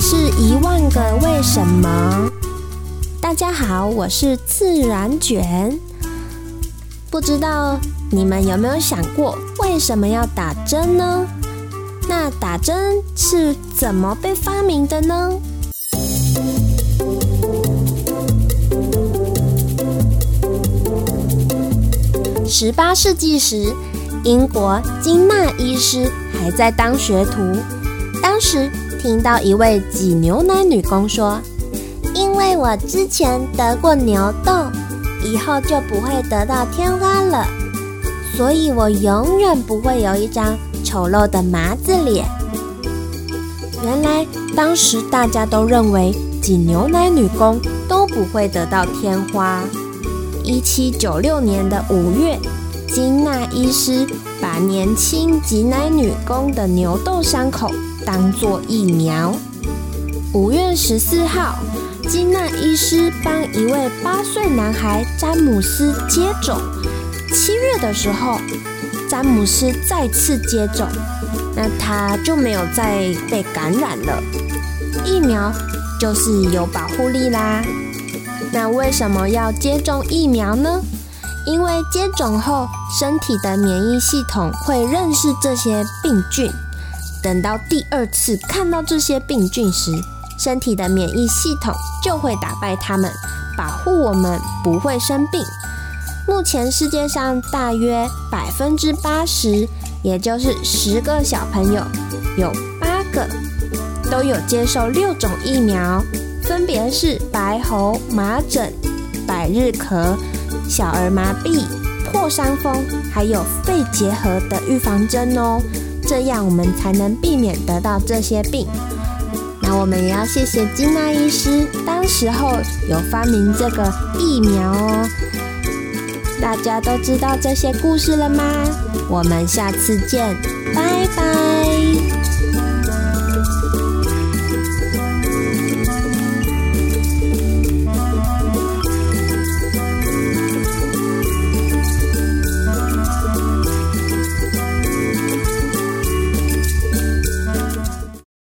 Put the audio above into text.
是一萬個為什麼？大家好，我是自然捲。不知道你們有沒有想過，為什麼要打針呢？那打針是怎麼被發明的呢？十八世紀時，英國金納醫師還在當學徒，當時。聽到一位擠牛奶女工說：“因為我之前得過牛痘，以後就不會得到天花了，所以我永遠不會有一張醜陋的麻子臉。”原來當時大家都認為擠牛奶女工都不會得到天花。一七九六年的五月，金納醫師把年輕擠奶女工的牛痘傷口，當作疫苗。五月十四號，金納醫師幫一位八歲男孩詹姆斯接種。七月的時候，詹姆斯再次接種，那他就沒有再被感染了。疫苗就是有保護力啦。那為什麼要接種疫苗呢？因為接種後，身體的免疫系統會認識這些病菌。等到第二次看到這些病菌時，身體的免疫系統就會打敗它們，保護我們不會生病。目前世界上大約百分之八十，也就是十個小朋友，有八個都有接受六種疫苗，分別是白喉、麻疹、百日咳、小兒麻痹、破傷風，還有肺結核的預防針哦。這樣我們才能避免得到這些病。那我們也要謝謝金納醫師，當時候有發明這個疫苗哦。大家都知道這些故事了嗎？我們下次見，拜拜。